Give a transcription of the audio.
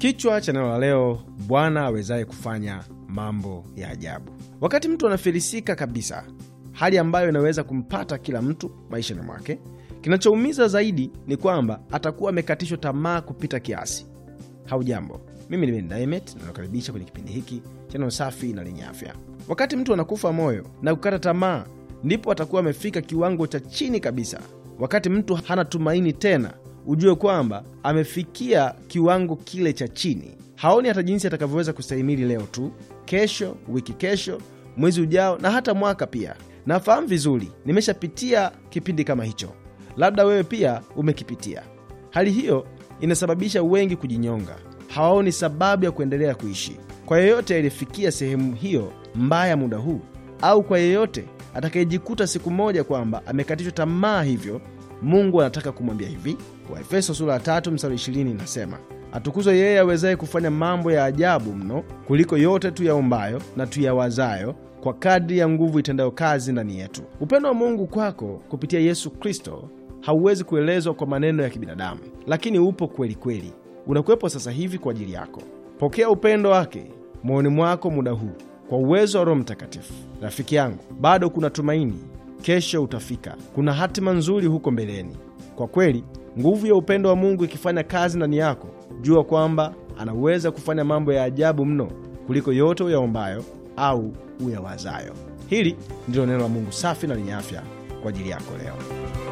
Kichwa cha neno la leo, Bwana awezaye kufanya mambo ya ajabu. Wakati mtu anafilisika kabisa, hali ambayo inaweza kumpata kila mtu maishani mwake, kinachoumiza zaidi ni kwamba atakuwa amekatishwa tamaa kupita kiasi. Haujambo, mimi ni Ben na nakaribisha kwenye kipindi hiki cha neno safi na lenye afya. Wakati mtu anakufa moyo na kukata tamaa, ndipo atakuwa amefika kiwango cha chini kabisa. Wakati mtu hana tumaini tena ujue kwamba amefikia kiwango kile cha chini, haoni hata jinsi atakavyoweza kustahimili leo tu, kesho, wiki kesho, mwezi ujao na hata mwaka pia. Nafahamu vizuri, nimeshapitia kipindi kama hicho, labda wewe pia umekipitia. Hali hiyo inasababisha wengi kujinyonga, hawaoni sababu ya kuendelea kuishi. Kwa yeyote aliyefikia sehemu hiyo mbaya muda huu, au kwa yeyote atakayejikuta siku moja kwamba amekatishwa tamaa hivyo Mungu anataka kumwambia hivi. Waefeso sura ya tatu mstari ishirini inasema Atukuzwe yeye awezaye kufanya mambo ya ajabu mno kuliko yote tuyaombayo na tuyawazayo, kwa kadri ya nguvu itendayo kazi ndani yetu. Upendo wa Mungu kwako kupitia Yesu Kristo hauwezi kuelezwa kwa maneno ya kibinadamu, lakini upo kweli kweli, unakuwepo sasa hivi kwa ajili yako. Pokea upendo wake moyoni mwako muda huu kwa uwezo wa Roho Mtakatifu. Rafiki yangu, bado kuna tumaini kesho utafika. Kuna hatima nzuri huko mbeleni. Kwa kweli, nguvu ya upendo wa Mungu ikifanya kazi ndani yako, jua kwamba anaweza kufanya mambo ya ajabu mno kuliko yote uyaombayo au uyawazayo. Hili ndilo neno la Mungu safi na lenye afya kwa ajili yako leo.